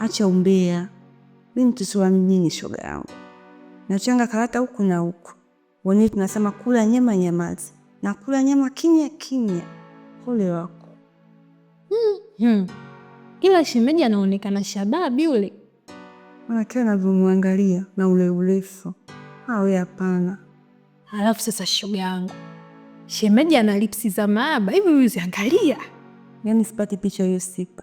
acha umbea, wa mjini, shoga yangu. Nachanga karata huku na huku, wenyewe tunasema kula nyama nyamazi na kula nyama kinya kinya Ole wako. hmm. -hmm. Kila shemeji anaonekana shababi yule, kila navyomwangalia na ule urefu awe hapana. alafu sasa, shoga yangu, shemeji ana lipsi za maaba hivi, uziangalia. Yani sipati picha hiyo sipa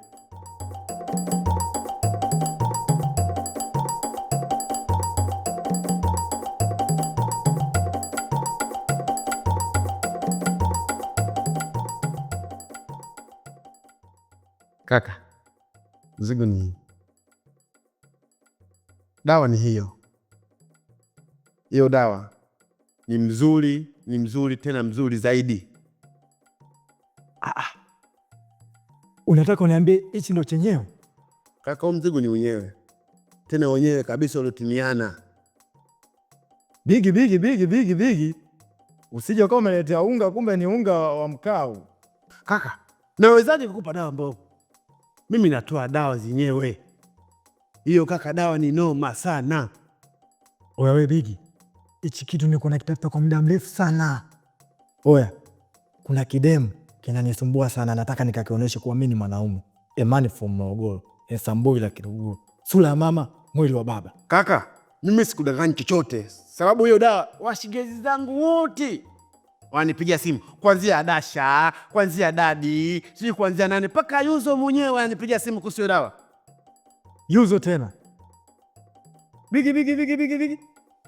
Mzigo ni hii, dawa ni hiyo hiyo. Dawa ni mzuri, ni mzuri tena mzuri zaidi. Ah, ah. unataka uniambie hichi ndo chenyewe kaka? Huu mzigo ni wenyewe tena wenyewe kabisa, uliotumiana bigi bigi bigi bigi bigi. Usije ukawa umeletea unga, kumbe ni unga wa mkaa. Kaka, nawezaje kukupa dawa ambayo mimi natoa dawa zenyewe. Hiyo kaka, dawa ni noma sana. Oya we Bigi, hichi kitu niko na kitafuta kwa muda mrefu sana. Oya, kuna kidemu kinanisumbua sana, nataka nikakionyeshe kuwa mimi ni mwanaume. A man from Morogoro, a samboi la Kiluguru, sura ya mama, mwili wa baba. Kaka, mimi sikudanganyi chochote, sababu hiyo dawa washigezi zangu wote wanipigia simu kwanzia Dasha, kwanzia dadi, sijui kwanzia nani, mpaka Yuzo mwenyewe wananipigia simu kuhusu dawa. Yuzo tena bigi bigi bigi bigi bigi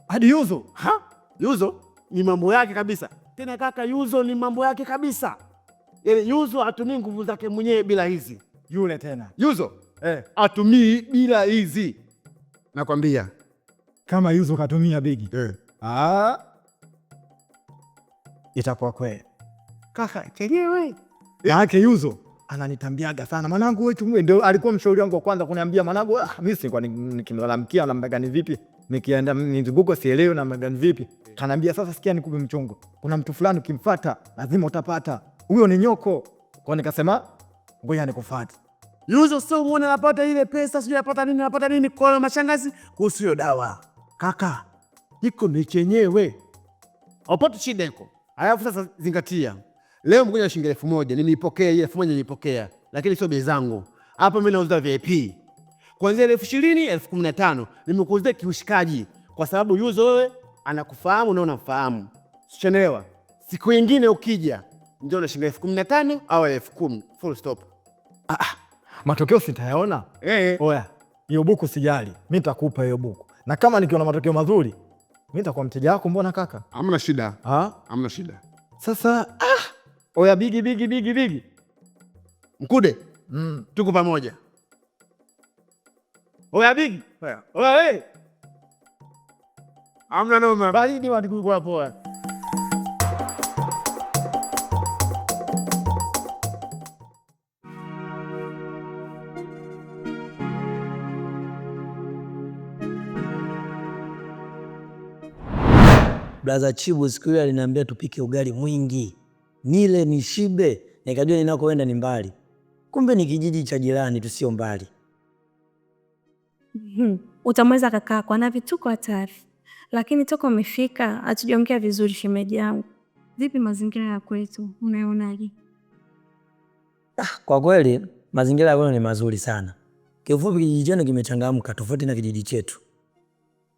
hadi Yuzo ha? Yuzo ni mambo yake kabisa tena kaka, Yuzo ni mambo yake kabisa. yani Yuzo atumii nguvu zake mwenyewe bila hizi. Yule tena Yuzo eh, atumii bila hizi, nakwambia kama Yuzo katumia bigi eh. Ah itakuwa kweli. Kaka chenyewe eh, yake yuzo ananitambiaga sana mwanangu, wetu ndio alikuwa mshauri wangu wa kwanza kuniambia mwanangu, ah, mi sikuwa nikimlalamkia namna gani vipi, nikienda nizunguko sielewi namna gani vipi, kanaambia sasa, sikia nikupe mchongo, kuna mtu fulani ukimfata lazima utapata, huyo ni nyoko. Kwa nikasema ngoja nikufuate yuzo, sio muone anapata ile pesa, sio anapata nini, anapata nini kwa mashangazi kuhusu hiyo dawa. Kaka iko ni chenyewe, hapo shida iko Alafu sasa zingatia. Leo mkoja shilingi elfu moja nilipokea hii elfu moja nilipokea, lakini sio bei zangu. Hapa mimi nauza VIP. Kuanzia elfu ishirini, elfu kumi na tano nimekuuzia kiushikaji kwa sababu yuzo wewe anakufahamu na unamfahamu. Sichelewa. Siku nyingine ukija ndio na shilingi elfu kumi na tano au elfu kumi. Full stop. Ah, ah. Matokeo sitayaona. Eh. Oya, hiyo buku sijali. Mimi nitakupa hiyo buku. Na kama nikiona matokeo mazuri mimi nitakuwa mteja wako, mbona kaka? Hamna shida. Ha? Hamna shida. Sasa ah, oya bigi bigi bigi bigi. Mkude. Mm. Tuko pamoja. Oya bigi. Oya. Oya. Hamna noma. Baridi wa poa. Brother Chibu siku hiyo aliniambia tupike ugali mwingi, nile nishibe, nikajua ninakoenda ni mbali, kumbe ni kijiji cha jirani tu, sio mbali. Hmm. Utamweza kakaa kwa na vituko hatari, lakini toka umefika hatujaongea vizuri. Shemeji yangu, vipi mazingira ya kwetu unaonaje? Ah, kwa kweli mazingira ya kwetu ni mazuri sana. Kiufupi kijiji chenu kimechangamka tofauti na kijiji chetu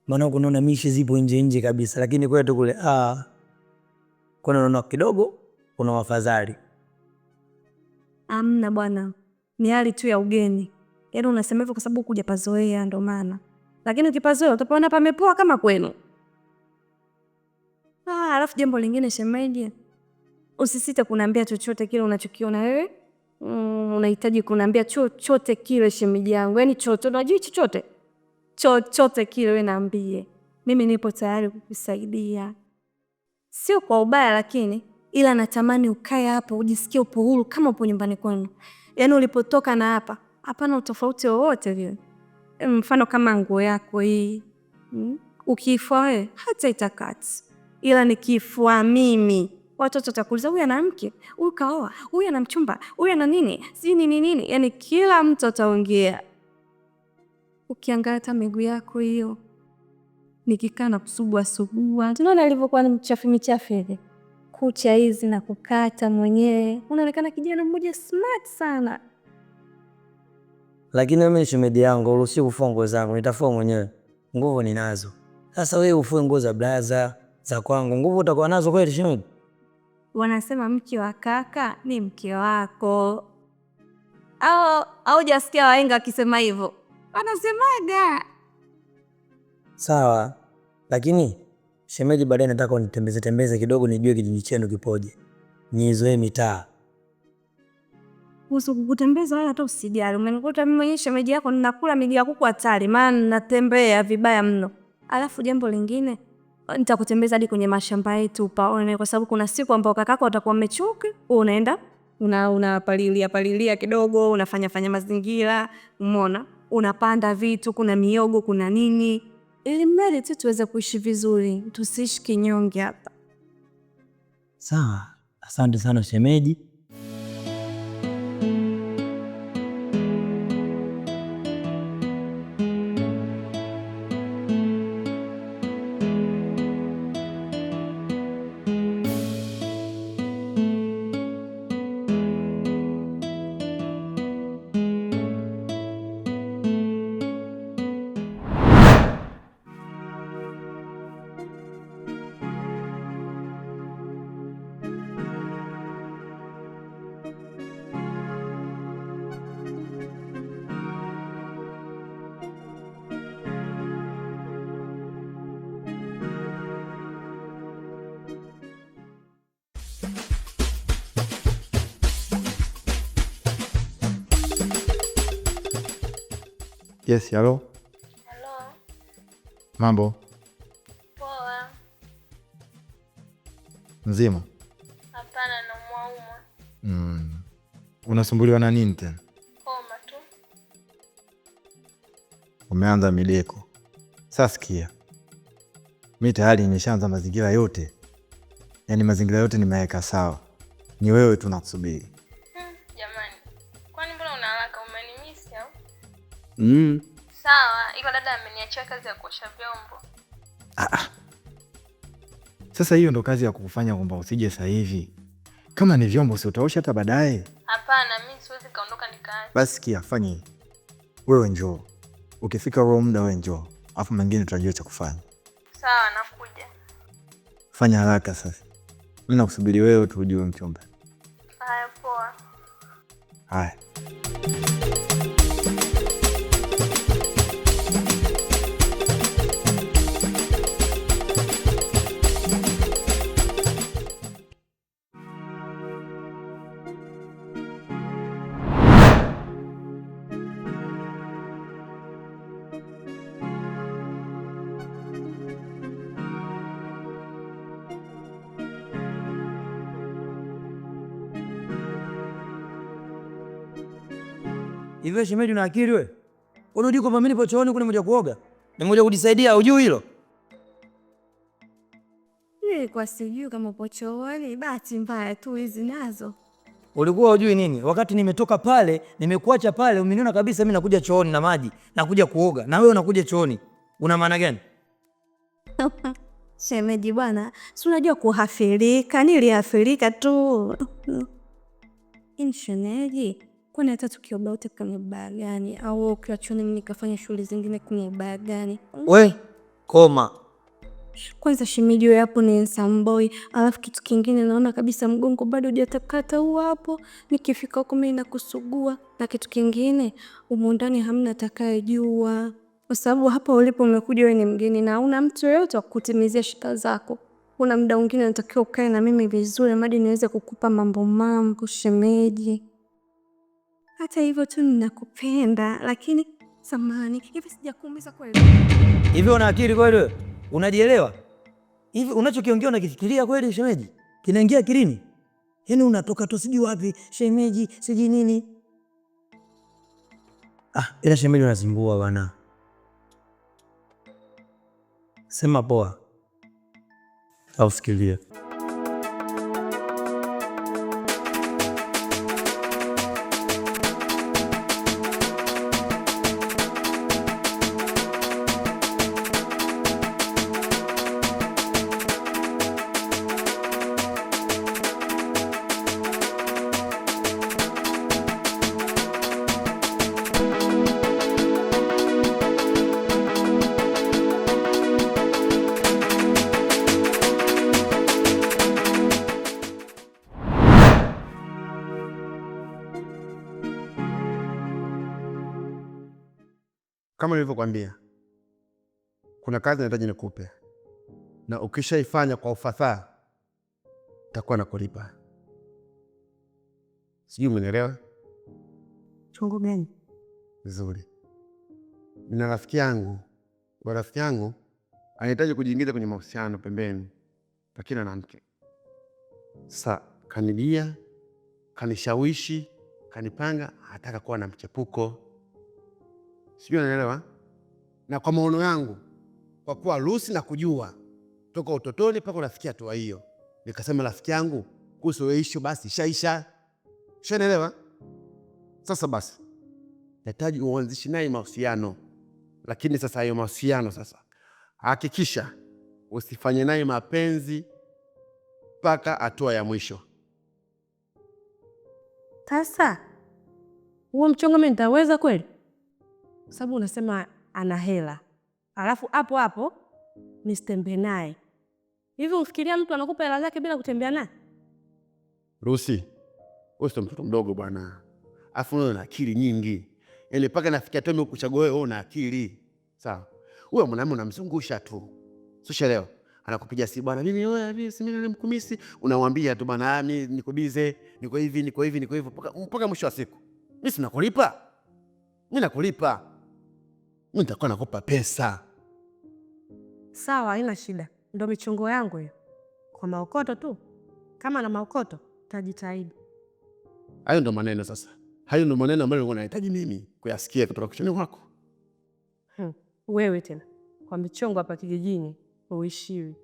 maana kunaona mishi zipo nje nje kabisa, lakini kwetu kule ah, kuna naona kidogo kuna wafadhali. Amna bwana, ni hali tu ya ugeni. Yaani unasema hivyo kwa sababu kuja pazoea, ndo maana, lakini ukipazoea utapona pamepoa kama kwenu. Ah, alafu jambo lingine shemeji, usisite kuniambia chochote kile unachokiona wewe. Mm, unahitaji kuniambia chochote kile shemeji yangu, yaani chochote, unajui chochote chochote kile, we niambie, mimi nipo tayari kukusaidia, sio kwa ubaya, lakini ila natamani ukae hapa ujisikie upo huru kama upo nyumbani kwenu, yaani ulipotoka na hapa hapana utofauti wowote vile. Mfano kama nguo yako hii mm, Ukiifua wewe hata itakati, ila nikiifua mimi watoto watakuuliza huyu ana mke, huyu kaoa, huyu ana mchumba, huyu ana nini, si nini nini, yaani kila mtu ataongea ukiangata miguu yako hiyo, nikikaa na kusugua sugua, tunaona alivyokuwa mchafu michafu ile kucha hizi na kukata mwenyewe, unaonekana kijana mmoja smart sana. Lakini mimi shemeji yangu, uruhusi kufua nguo zangu, nitafua mwenyewe, nguvu ninazo. Sasa wewe ufue nguo za blaza za kwangu, nguvu utakuwa nazo kweli shemeji? Wanasema mke wa kaka ni mke wako, au au waenga wahenga wakisema hivyo? anasemaga sawa, lakini shemeji, baadaye nataka unitembeze tembeze kidogo, nijue kijiji chenu kipoje, niizoee mitaa. Kuhusu kukutembeza wala hata usijali. Umenikuta mimi mwenyewe shemeji yako ninakula miguu ya kuku hatari, maana natembea vibaya mno. Alafu jambo lingine nitakutembeza hadi kwenye mashamba yetu upaone, kwa sababu kuna siku ambao kakako watakuwa mmechuki, unaenda unapalilia una palilia kidogo, unafanya fanya mazingira, umeona unapanda vitu, kuna miogo, kuna nini, ili mradi tu tuweze kuishi vizuri, tusiishi kinyonge hapa. Sawa, asante sana shemeji. Yes, halo. Halo. Mambo? Poa. Nzima? Hapana, naumwaumwa. Mm. Unasumbuliwa na nini tena? Homa tu. Umeanza mideko. Sasa sikia. Mi tayari nimeshaanza mazingira yote, yaani mazingira yote nimeweka sawa, ni wewe tu nakusubiri. Mm. Sawa, dada ameniachia kazi ya kuosha vyombo. Ah. ah. Sasa hiyo ndo kazi ya kufanya kwamba usije sasa hivi. Kama ni vyombo si utaosha hata baadaye? Hapana, mimi siwezi kaondoka Basi kia fanye. Wewe njoo. Ukifika huo muda wewe njoo. Alafu mengine tutajua cha kufanya. Sawa, nakuja. Fanya haraka sasa. Mimi nakusubiri wewe tujue mchumba. Haya, poa. Haya. Hivyo shemeji, una akili wewe? Unarudi kwa mimi nipo chooni kule, moja kuoga na kujisaidia, hujui hilo? Nilikuwa sijui kama upo chooni, bahati mbaya tu hizi nazo. Ulikuwa hujui nini? Wakati nimetoka pale, nimekuacha pale, umeniona kabisa mimi nakuja chooni na maji, nakuja kuoga. Na wewe unakuja chooni. Una maana gani? Shemeji bwana, si unajua kuhafirika, nilihafirika tu. Shemeji, kwani hata tukioba wote kwenye baa gani? Au ukiwachoni mimi nikafanya shughuli zingine kwenye baa gani? We koma kwanza, shimiji hapo ni samboi. Alafu kitu kingine naona kabisa mgongo bado hujatakata huo hapo, nikifika huko mimi nakusugua. Na kitu kingine umo ndani hamna atakayejua, kwa sababu hapa ulipo umekuja wewe ni mgeni na hauna mtu yoyote wa kutimizia shida zako. Kuna muda mwingine natakiwa ukae na mimi vizuri, madi niweze kukupa mambo mambo shemeji. Hata hivyo tu ninakupenda, lakini samani hivi, sijakuumiza kweli? Hivi una akili kweli? Unajielewa hivi? Unachokiongea unakifikiria kweli shemeji? Kinaingia akilini? Yaani unatoka tu sijui wapi shemeji, sijui nini. Ah, ila shemeji unazimbua bana. Sema poa, au Kama nilivyokwambia, kuna kazi nahitaji nikupe, na ukishaifanya kwa ufasaha takuwa nakulipa. Sijui umenielewa? Chungu gani? Vizuri. Nina rafiki yangu, wa rafiki yangu anahitaji kujiingiza kwenye mahusiano pembeni, lakini ana mke sasa. Kanilia, kanishawishi, kanipanga, anataka kuwa na mchepuko Sijui unaelewa. Eh? Na kwa maono yangu, kwa kuwa Lucy na kujua toka utotoni mpaka unafikia hatua hiyo, nikasema rafiki yangu, kuhusu issue basi shaisha, shanaelewa Sasa basi nahitaji uanzishi naye mahusiano, lakini sasa hayo mahusiano sasa, hakikisha usifanye naye mapenzi mpaka hatua ya mwisho. Sasa huo mchongo mimi nitaweza kweli? kwa sababu unasema ana hela, alafu hapo hapo nisitembe naye hivi. Unafikiria mtu anakupa hela zake bila kutembea naye? Rusi, wewe sio mtoto mdogo bwana, alafu una akili nyingi, yaani mpaka nafikia tu mimi kukuchagua wewe, una akili sawa. Huyo mwanamume unamzungusha tu, sio anakupiga si bwana, mimi wewe mimi mkumisi, unamwambia tu bwana, ah, mimi niko bize, niko hivi, niko hivi, niko hivyo, mpaka mpaka mwisho wa siku mimi sinakulipa, mimi nakulipa mi nitakuwa nakopa pesa. Sawa, haina shida, ndo michongo yangu hiyo, kwa maokoto tu. Kama na maokoto tajitahidi. Hayo ndo maneno sasa, hayo ndo maneno ambayo nahitaji mimi kuyasikia kutoka kichwani mwako. Hmm, wewe tena kwa michongo hapa kijijini uishiwi.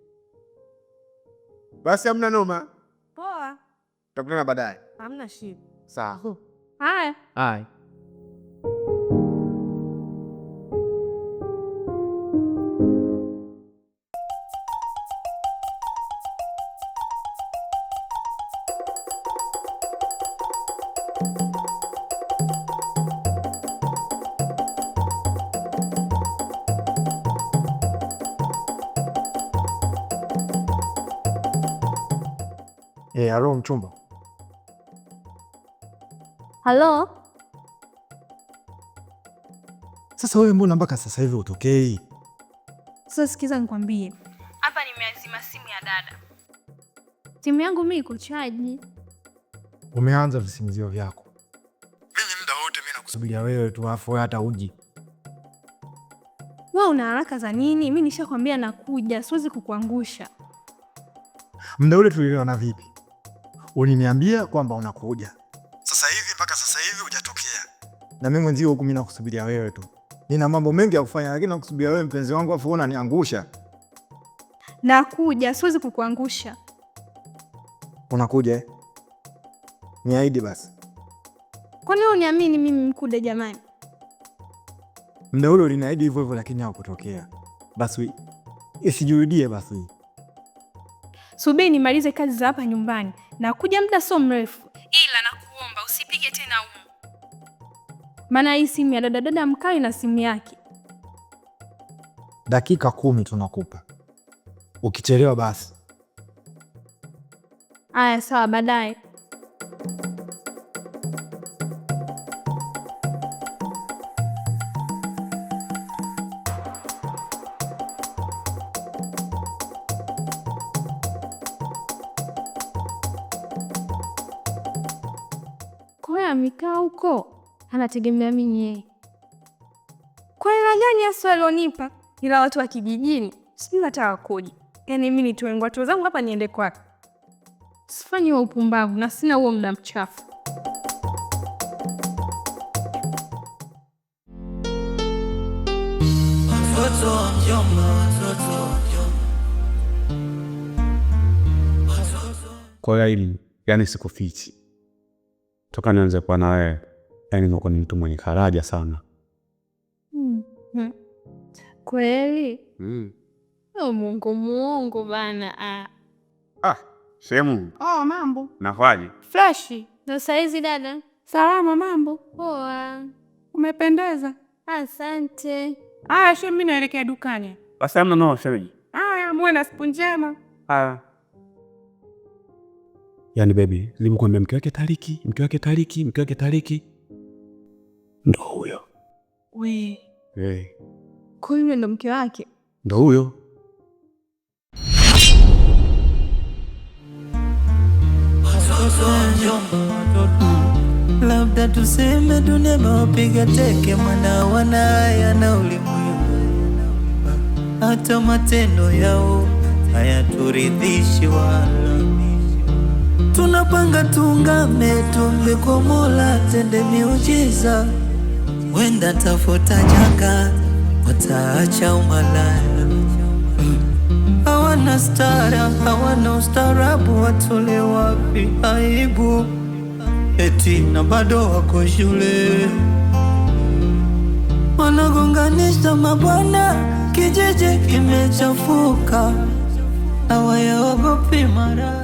Basi hamna noma, poa, tutakutana baadaye. Hamna shida. Sawa. Haya. Haya. E, eh, halo mchumba. Halo. Sasa wewe mbona mpaka sasa hivi utokei? Sasa nikwambie. Hapa nimeazima simu ya dada. Simu yangu mimi iko chaji. Umeanza visingizio vyako. Mimi muda wote mimi nakusubiria wewe tu afu hata uji. Wewe una haraka za nini? Mimi nishakwambia nakuja, siwezi kukuangusha. Muda ule tuliona vipi? uliniambia kwamba unakuja sasa hivi, mpaka sasa hivi hujatokea, na mimi mwenzio huku mimi nakusubiria wewe tu. Nina mambo mengi ya kufanya, lakini nakusubiria wewe mpenzi wangu, afu unaniangusha. Nakuja, siwezi kukuangusha. Unakuja eh? Niahidi basi. Kwa nini uniamini mimi mkude jamani? Mda ule uliniahidi hivyo hivyo, lakini haukutokea. Basi isijurudie basi. Subiri nimalize kazi za hapa nyumbani nakuja muda sio mrefu, ila nakuomba usipige tena umu, maana hii simu ya dadadada mkali na simu yake. Dakika kumi tunakupa, ukichelewa basi. Aya, sawa, baadaye. amekaa huko anategemea mimi yeye. Kwa hela gani hasa alionipa? Ila watu wa kijijini sijui hata wakoje. Yaani mi nitoe ngwatu zangu hapa niende kwake. Sifanyi wa upumbavu na sina huo muda mchafu. Kwa hili, yani sikufichi toka nianze kuwa na wewe, yaani nimekuwa ni mtu mwenye faraja sana. Hmm. Hmm. Kweli? mm. Mungu Mungu bana. Ah. ah sehemu. Oh, mambo. Nafaje? Freshi. Ndo saizi dada. Salama, mambo. Poa. Umependeza. Asante. Aya, shemu, mimi naelekea dukani. Basi no shemeji. Aya, muwe na siku njema. Aya yani baby, nilimkwambia mke wake Tariki, mke wake Tariki, mke wake Tariki ndo huyo. We. Hey. Eh. Kwa hiyo ndo mke wake ndo huyo. Labda tuseme dunia mawapiga teke, mwana wanaya na ulimwengu, hata matendo yao hayaturidhishi wala Panga tungame, tumbe kwa Mola, tende miujiza. Wenda tafuta janga, wataacha umalaya. Hawana stara, hawana ustarabu, watole wapi aibu? Eti na bado wako shule, wanagonganisha mabwana, kijiji kimechafuka, hawayaogopi mara